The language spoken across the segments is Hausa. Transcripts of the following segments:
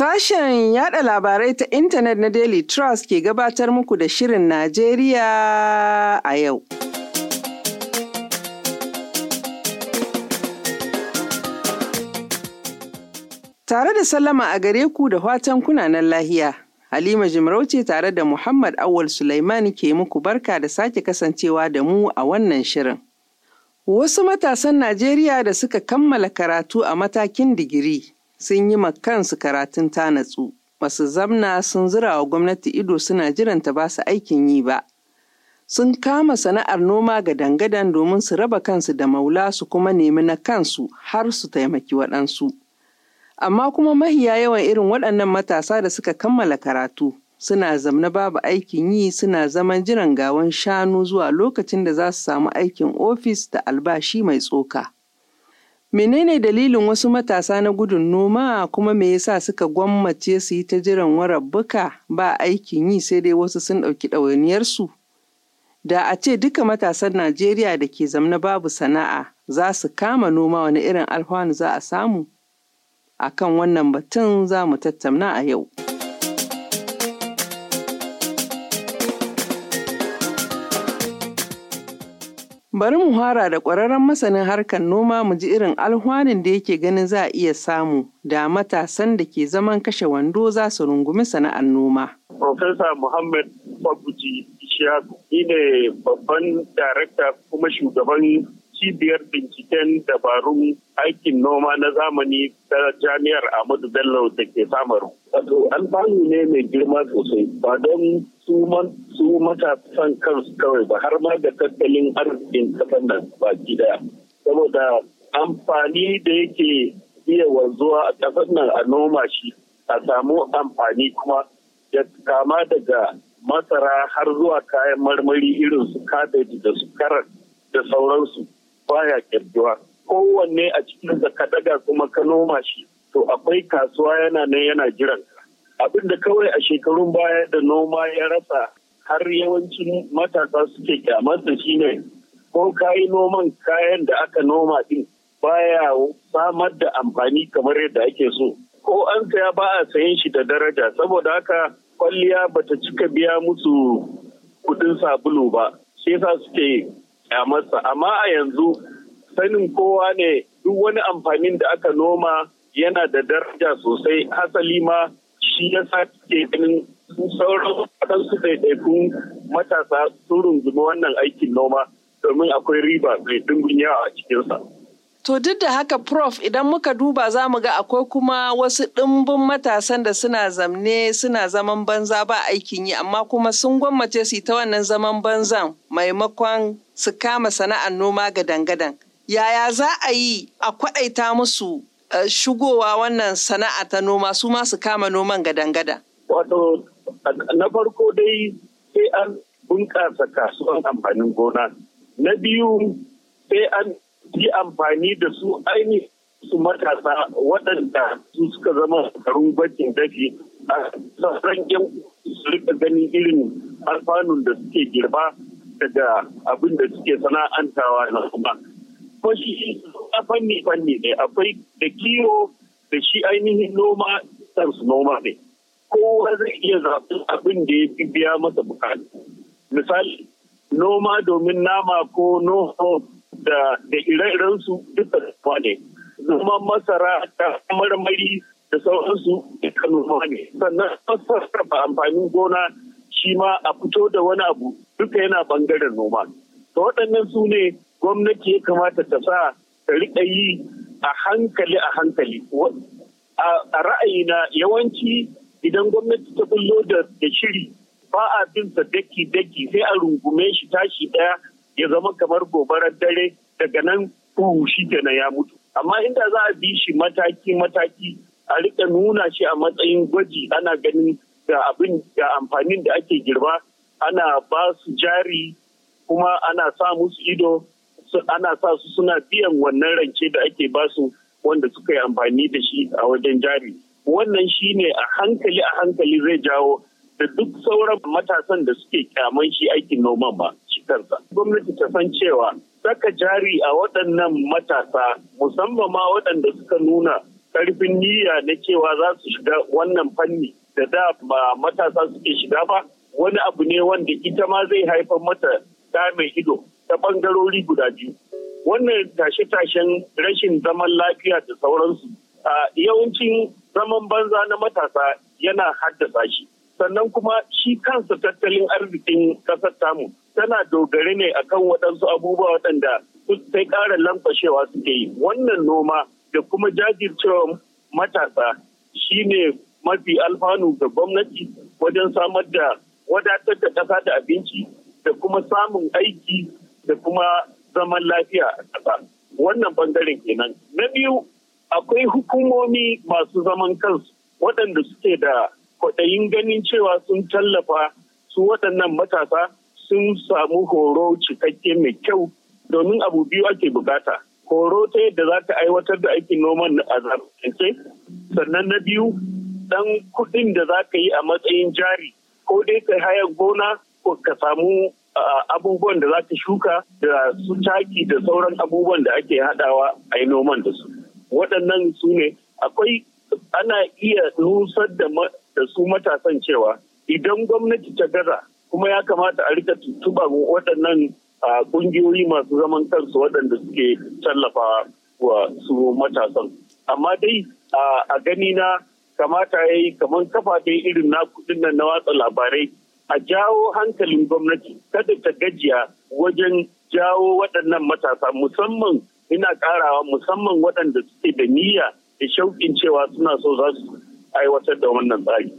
Sashen yada labarai ta intanet na Daily Trust ke gabatar muku da Shirin Najeriya a yau. Tare da sallama a gare ku da watan kunanan lahiya, Halima Jimarauce tare da Muhammad Awal Sulaiman ke muku barka da sake kasancewa da mu a wannan shirin. Wasu matasan Najeriya da suka kammala karatu a matakin digiri. sun yi ma kansu karatun ta natsu basu zamna sun zira wa gwamnati ido suna jiran ta ba su aikin yi ba sun kama sana'ar noma ga dangadan domin su raba kansu da maula su kuma nemi na kansu har su taimaki waɗansu amma kuma mahiya yawan irin waɗannan matasa da suka kammala karatu suna zamna babu aikin yi suna zaman jiran gawan shanu zuwa lokacin da za su samu aikin ofis da albashi mai tsoka. Menene dalilin wasu matasa na gudun noma kuma me yasa suka gwammace su yi ta jiran warabbuka ba aikin yi sai dai wasu sun ɗauki ɗawainiyarsu? Da a ce duka matasan Najeriya da ke zamna babu sana'a za su kama noma wani irin alfanu za a samu? A kan wannan batun za mu tattauna a yau. Bari mu hara da ƙwararren masanin harkar noma mu ji irin alhwanin da yake ganin za a iya samu da matasan da ke zaman kashe wando za su rungumi sana'ar noma. Profesa Muhammad Babuji Ishaku ni ne babban darakta kuma shugaban cibiyar binciken dabarun aikin noma na zamani ta jami'ar Ahmadu Bello da ke samaru. Wato alfanu ne mai girma sosai ba don su matasan kansu kawai ba har ma da tattalin arzikin kasar nan ba daya. Saboda amfani da yake iya wanzuwa a kasar nan a noma shi a samu amfani kuma ya kama daga masara har zuwa kayan marmari irin su kabeji da su karar da sauransu baya kirgiwa kowanne a cikin ka daga kuma ka noma shi to akwai kasuwa yana nan yana jiran abin da kawai a shekarun baya da noma ya rasa har yawancin matasa suke kyamar da shi ne ko kayi noman kayan da aka noma din baya samar da amfani kamar yadda ake so ko an saya ba a sayan shi da daraja saboda haka kwalliya bata cika biya musu kudin sabulu ba sai sa suke a amma a yanzu sanin kowa ne duk wani amfanin da aka noma yana da daraja sosai hasali ma shi ya sa ke ganin sauran su ɗaiɗaikun matasa sun rungumi wannan aikin noma domin akwai riba mai dungun yawa a cikinsa. To duk da haka prof idan muka duba za mu ga akwai kuma wasu ɗimbin matasan da suna zamne suna zaman banza ba aikin yi amma kuma sun gwammace su ta wannan zaman banzan maimakon su kama sana'ar noma gadangadan. dangadan. Yaya za a yi a kwaɗaita musu eh, shigowa wannan sana'a ta noma su ma su kama noman ga dangada? Wato, na farko dai sai an bunƙasa kasuwan amfanin gona. Na biyu sai an yi amfani da su ainihin su matasa waɗanda su suka zama karun bakin dafi a sauran su rika ganin irin alfanun da suke girba daga abin da suke sana'antawa na kuma. Ko shi fanni fanni ne akwai da kiwo da shi ainihin noma kansu noma ne. Kowa zai iya zaɓin abin da ya fi biya masa bukatu. Misali, noma domin nama ko noho da ire-irensu duka noma ne. noma masara da marmari da sauransu duka noma ne. Sannan ba amfanin gona shi ma a fito da wani abu duka yana bangaren noma to waɗannan su ne gwamnati ya kamata ta sa ta riƙa yi a hankali a hankali a ra'ayina yawanci idan gwamnati ta bullo da shiri ba a bin sa daki daki sai a rungume shi tashi ɗaya ya zama kamar gobarar dare daga nan shi kenan ya mutu amma inda za a bi shi mataki mataki a riƙa nuna shi a matsayin gwaji ana ganin ga abin ga amfanin da ake girma. ana ba su jari kuma ana sa musu ido ana sa su suna biyan wannan rance da ake ba su wanda suka yi amfani da shi a wajen jari wannan shine a hankali a hankali zai jawo da duk sauran matasan da suke kyaman shi aikin noman ba cikarsa gwamnati ta san cewa saka jari a waɗannan matasa musamman ma waɗanda suka nuna ƙarfin niyya na cewa za su shiga wannan fanni da da ba matasa suke shiga ba wani abu ne wanda ita ma zai haifar mata ta mai ido ta bangarori guda biyu wannan tashe-tashen rashin zaman lafiya da sauransu a yawancin zaman banza na matasa yana haddasa shi sannan kuma shi kansa tattalin arzikin kasar tamu tana dogare ne akan waɗansu abubuwa waɗanda sai ƙara lankwashewa suke yi wannan noma da kuma jajircewa matasa shi ne mafi alfanu ga gwamnati wajen samar da wadatar da ƙasa da abinci da kuma samun aiki da kuma zaman lafiya a ƙasa wannan bangaren kenan na biyu akwai hukumomi masu zaman kansu waɗanda suke da kwaɗayin ganin cewa sun tallafa su waɗannan matasa sun samu horo cikakke mai kyau domin abu biyu ake bukata horo ta yadda za ta aiwatar da aikin noman a zamanance sannan na biyu ɗan kuɗin da za ka yi a matsayin jari ko dai ka haya gona ko ka samu abubuwan da za ka shuka da su taki da sauran abubuwan da ake hadawa a yi noman da su waɗannan su ne akwai ana iya nusar da su matasan cewa idan gwamnati ta gaza kuma ya kamata a rika tuba waɗannan ƙungiyoyi masu zaman kansu waɗanda suke tallafawa wa su matasan amma dai a gani na kamata ya yi kamar kafafen irin na kudin nan na watsa labarai a jawo hankalin gwamnati kada ta gajiya wajen jawo waɗannan matasa musamman ina ƙarawa musamman waɗanda suke da niyya da shauƙin cewa suna so za su aiwatar da wannan tsari.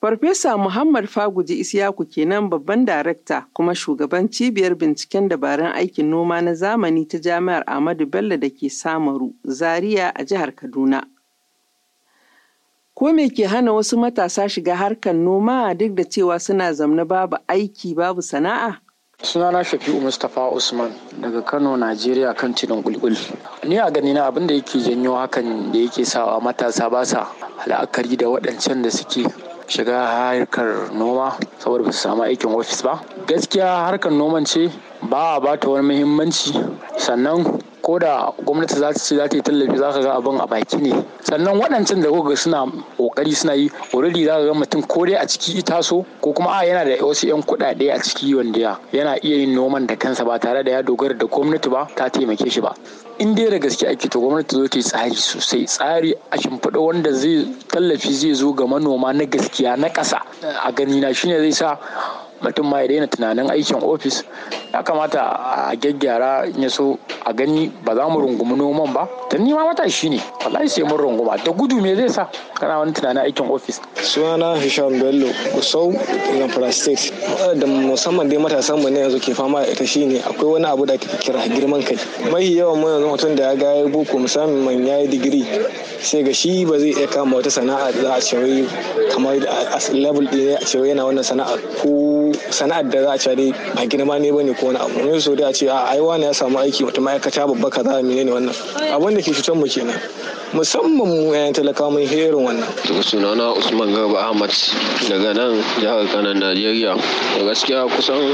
Farfesa Muhammad Faguji Isiyaku kenan babban darakta kuma shugaban cibiyar binciken dabarun aikin noma na zamani ta Jami'ar Ahmadu Bello da ke Samaru, Zaria a jihar Kaduna. Ko me ke hana wasu matasa shiga harkar noma duk da cewa suna zamna babu aiki babu sana'a? sunana shafi'u mustapha usman daga kano najeriya kan tinin kulkul ni a ganina abin da yake janyo hakan da yake sawa matasa ba sa la'akari da waɗancan da suke shiga harkar noma saboda ba su samu aikin ofis ba gaskiya harkar noman ce ba a bata wani muhimmanci sannan ko da gwamnati za ta ce za ta yi tallafi za ka ga abin a baki ne sannan waɗancan da goga suna ƙoƙari suna yi already za ka ga mutum ko dai a ciki ita so ko kuma a yana da wasu yan kuɗaɗe a ciki wanda yana iya yin noman da kansa ba tare da ya dogara da gwamnati ba ta taimake shi ba in dai da gaske ake to gwamnati zo ta yi tsari sosai tsari a shimfiɗa wanda zai tallafi zai zo ga manoma na gaskiya na ƙasa a ganina shine zai sa mutum ma ya daina tunanin aikin ofis ya kamata a gyaggyara ya so a gani ba za mu rungumi noman ba ta nima mata shi ne wallahi sai mun runguma da gudu me zai sa kana wani tunanin aikin ofis suna hisham bello kusau ina plastics da musamman dai matasan mu ne yanzu ke fama da ita shine akwai wani abu da ake kira girman kai mai yawan mu yanzu mutum da ya ga ya boko musamman ya yi digiri sai ga shi ba zai iya kama wata sana'a da za a cewa kamar a level ɗin a ce yana wannan sana'a ko sana'ar da za a ce dai a girma ne bane ko wani abu wani so da a ce a ai wani ya samu aiki wata ma'aikata babba kaza menene wannan abun da ke cutar mu kenan musamman mu yayan talaka mun herin wannan daga sunana usman garba ahmad daga nan jihar kanan najeriya da gaskiya kusan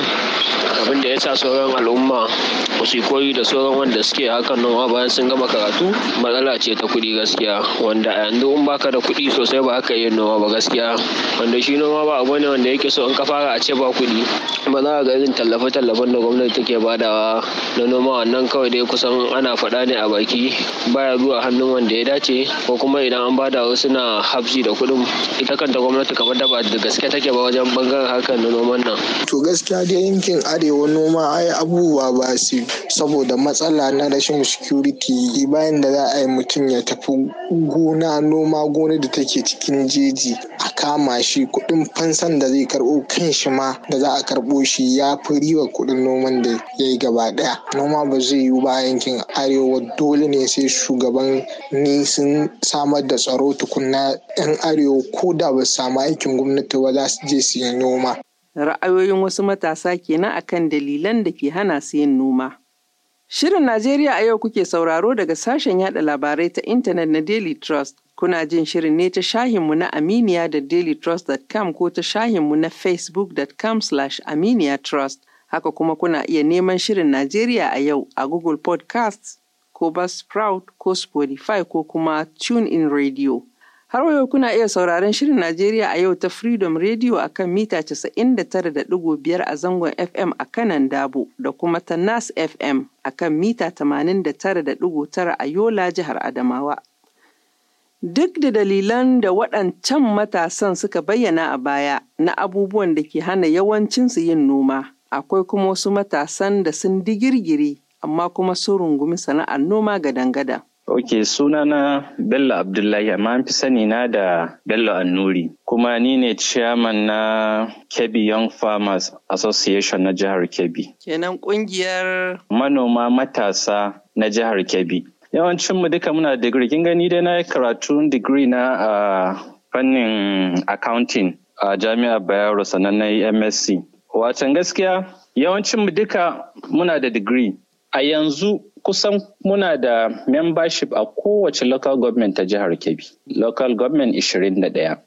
abin da ya sa sauran al'umma ba su koyi da sauran wanda suke hakan nan bayan sun gama karatu matsala ce ta kuɗi gaskiya wanda a yanzu in baka da kuɗi sosai ba haka yi noma ba gaskiya wanda shi noma ba abu ne wanda yake so in ka fara a ce ba kuɗi ba za ga irin tallafe-tallafen da gwamnati take badawa na noma wannan kawai dai kusan ana faɗa ne a baki baya zuwa hannun wanda ya dace ko kuma idan an bada wasu na hafji da kuɗin ita kanta gwamnati kamar da ba da gaske take ba wajen bangaren harkar na noman nan. To gaskiya da yankin arewa noma ai abubuwa ba su saboda matsala na rashin security bayan da za a yi mutum ya tafi gona noma gona da take cikin jeji a kama shi kudin fansan da zai karbo kan shi ma da za a karbo shi ya fi riwa kudin noman da ya yi gaba ɗaya. Noma ba zai yiwu ba yankin arewa dole ne sai shugaban ni sai sun samar da tsaro tukunna 'yan arewa ko da ba su samu aikin gwamnati ba za su je su yi noma. Ra'ayoyin wasu matasa kenan kan dalilan da ke hana su yin noma. Shirin Najeriya a yau kuke sauraro daga sashen yaɗa labarai ta intanet na Daily Trust. Kuna jin shirin ne ta shahinmu na Aminiya da dailytrust.com ko ta shahinmu na facebook.com slash aminiya trust. Haka kuma kuna iya neman shirin Najeriya a yau a Google Podcasts ko Buzzsprout ko Spotify ko kuma in Radio. Har wayo kuna iya sauraron Shirin Najeriya a yau ta Freedom Radio a kan mita 99.5 a zangon FM a kanan Dabo da kuma ta Nas FM a kan mita 89.9 a Yola jihar Adamawa. Duk da dalilan da waɗancan matasan suka bayyana a baya na abubuwan da ke hana yawancinsu yin noma, akwai kuma wasu matasan da sun digirgiri amma kuma sun rungumi sana'ar noma ga dangada. Ok, suna na Bello Abdullahi, amma an fi sani na da Bello Annuri. Kuma ni ne chairman na Kebbi Young Farmers Association na jihar Kebbi. Kenan kungiyar? Manoma matasa na jihar Kebbi. Yawancinmu duka muna da digiri, kin gani dai na karatun digiri na a fannin accounting a jami'ar Bayero sannan na MSc. Wacan gaskiya Yawancin yawancinmu duka muna da digiri. A yanzu kusan muna da membership a kowace local government ta jihar Kebbi, local government 21.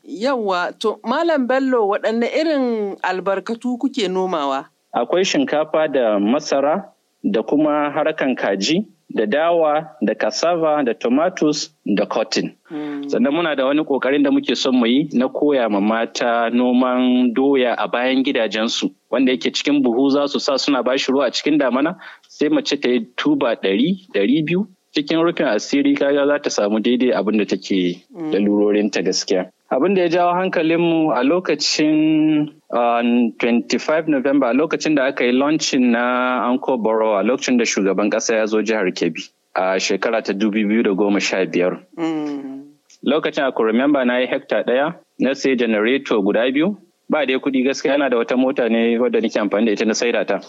Yawa, to Malam Bello waɗanne irin albarkatu kuke nomawa? Akwai shinkafa da masara da kuma harkan kaji da dawa da cassava da tomatoes da cotton mm. sannan muna da wani kokarin da muke son mu yi na koya ma mata noman doya a bayan gidajensu wanda yake cikin buhu za su sa suna bashi ruwa a cikin damana sai mace ta yi tuba ɗari ɗari biyu cikin rufin asiri kaga za ta samu daidai abin da take mm. lalurorinta gaskiya abin da ya jawo hankalinmu a lokacin 25 um, November a lokacin da aka yi launching na Anko Borough a lokacin da shugaban ƙasa ya zo jihar Kebbi a shekara ta 2015. Mm. Lokacin aku remember na yi hekta ɗaya na sai generator guda biyu ba da kuɗi gaskiya yana da wata mota ne wadda nake amfani da ita na saida ta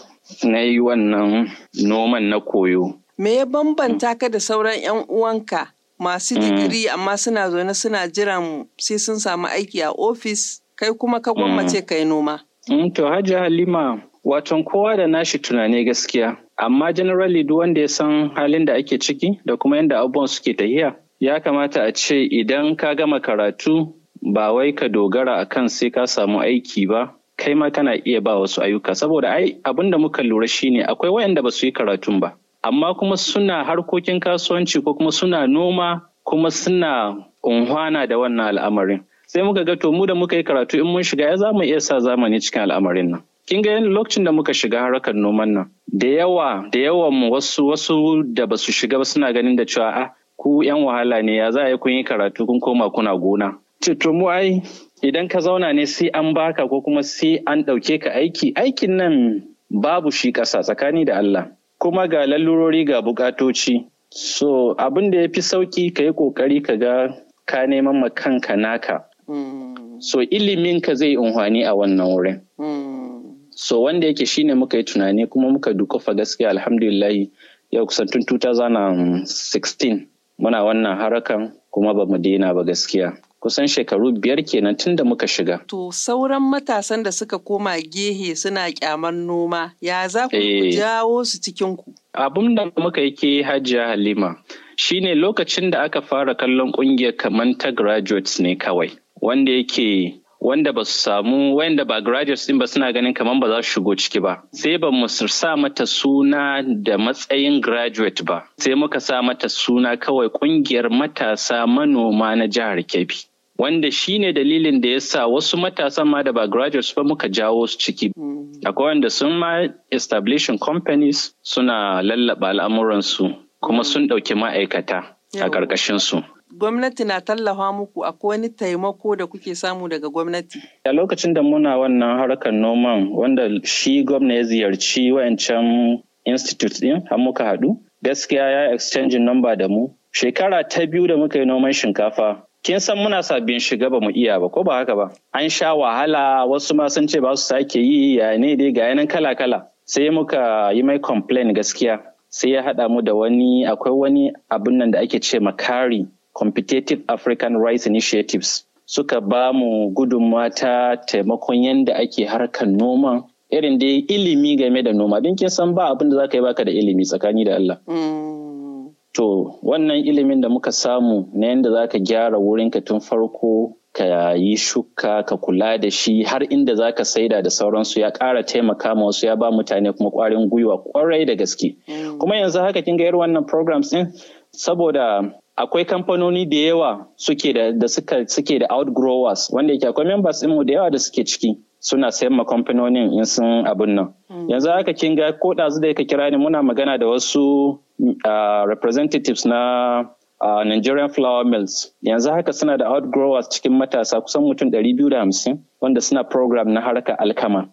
na yi wannan noman na koyo. Me ya bambanta ka da sauran 'yan uwanka? masu mm. digiri amma suna zaune suna jiran sai sun samu aiki a ofis kai kuma ka mm. gwammace kai noma. Mm, to Hajji Halima waton kowa da nashi tunani gaskiya amma generally duk wanda ya san halin da ake ciki da kuma yadda abubuwan suke tahiya ya kamata a ce idan ka gama karatu ba wai ka dogara a kan sai ka samu aiki ba kai ma kana iya ba wasu ayyuka saboda ai abinda muka lura shine akwai wayanda ba su yi karatun ba amma kuma suna harkokin kasuwanci ko kuma suna noma kuma suna unhwana da wannan al'amarin sai muka ga to mu da muka yi karatu in mun shiga ya zamu iya sa zamani cikin al'amarin nan kin ga lokacin da muka shiga harkar noman nan da yawa da yawan mu wasu wasu da basu shiga ba suna ganin da cewa a ah, ku yan wahala ne ya za a yi kun yi karatu kun koma kuna gona to mu ai idan ka zauna ne sai an baka ko kuma sai an ɗauke ka aiki aikin nan babu shi ƙasa tsakani da Allah kuma ga lalurori ga bukatoci so abin da ya fi sauki ka yi kokari ka ga ka neman ma kanka naka hmm. so ilimin ka zai unhwani a wannan wurin hmm. so wanda yake shine muka yi tunani kuma muka dukufa gaskiya alhamdulillahi yau kusan tun 2016 muna wannan harakan kuma ba mu daina ba gaskiya kusan shekaru biyar kenan tun da muka shiga. To sauran matasan da suka koma gehe suna kyamar noma ya za ku eh. jawo su cikin ku? Abin da muka yi ke hajiya Halima shine lokacin da aka fara kallon kungiyar kamar ta graduates ne kawai wanda yake wanda ba su samu wanda ba graduates din ba suna ganin kamar ba za su shigo ciki ba sai ba mu sa mata suna da matsayin graduate ba sai muka sa mata suna kawai kungiyar matasa manoma na jihar Kebbi wanda shi ne dalilin da ya sa wasu matasan ma da ba graduates ba muka jawo su ciki. Mm. Akwai wanda sun ma establishing companies suna lallaba al'amuransu kuma mm. sun ɗauki ma'aikata a ƙarƙashinsu. gwamnati na tallafa muku akwai wani taimako da kuke samu daga gwamnati? A lokacin da muna wannan harkar noman wanda shi gwamna ya ziyarci wayancan institute din har muka haɗu gaskiya ya exchange number da mu shekara ta biyu da muka yi noman shinkafa kin san muna sabbin shiga ba mu iya ba ko ba haka ba an sha wahala wasu ma sun ce ba su sake yi ya ne dai ga yanan kala kala sai muka yi mai complain gaskiya sai ya haɗa mu da wani akwai wani abun nan da ake ce makari competitive african rice initiatives suka ba mu gudun mata taimakon yadda ake harkar noman irin dai ilimi game da noma don kin san ba abin da za yi baka da ilimi tsakani da Allah. Mm. To wannan ilimin da muka samu na yadda za ka gyara ka tun farko ka yi shuka ka kula da shi har inda za ka saida da sauransu ya kara taimaka ma wasu ya ba mutane kuma kwarin gwiwa kwarai da gaske. Mm. Kuma yanzu haka kin ga irin wannan programs din saboda akwai kamfanoni da yawa suke da, da suka suke da outgrowers wanda yake akwai members din mu da yawa da suke ciki suna sayan ma kamfanonin in sun abin nan hmm. yanzu haka kin ga ko ɗazu da ka kira ni muna magana da wasu ah, representatives na ah, Nigerian flour mills yanzu haka suna da outgrowers cikin matasa kusan mutum 250 wanda suna program na harka alkama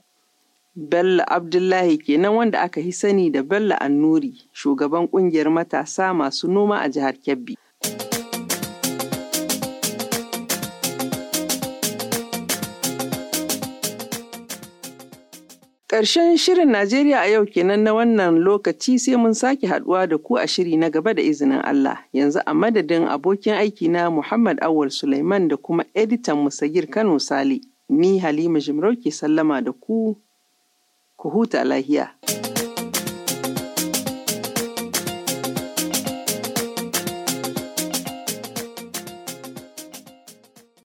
Bello Abdullahi kenan wanda aka hi sani da Bello Annuri, shugaban kungiyar matasa masu noma a jihar Kebbi. Ƙarshen shirin Najeriya a yau kenan na wannan lokaci sai mun sake haduwa da ku a shiri na gaba da izinin Allah. Yanzu a madadin abokin aiki na Muhammad Awal suleiman da kuma editan Musagir Kano Sale, ni Halima Jimarau sallama da ku, ku huta lahiya.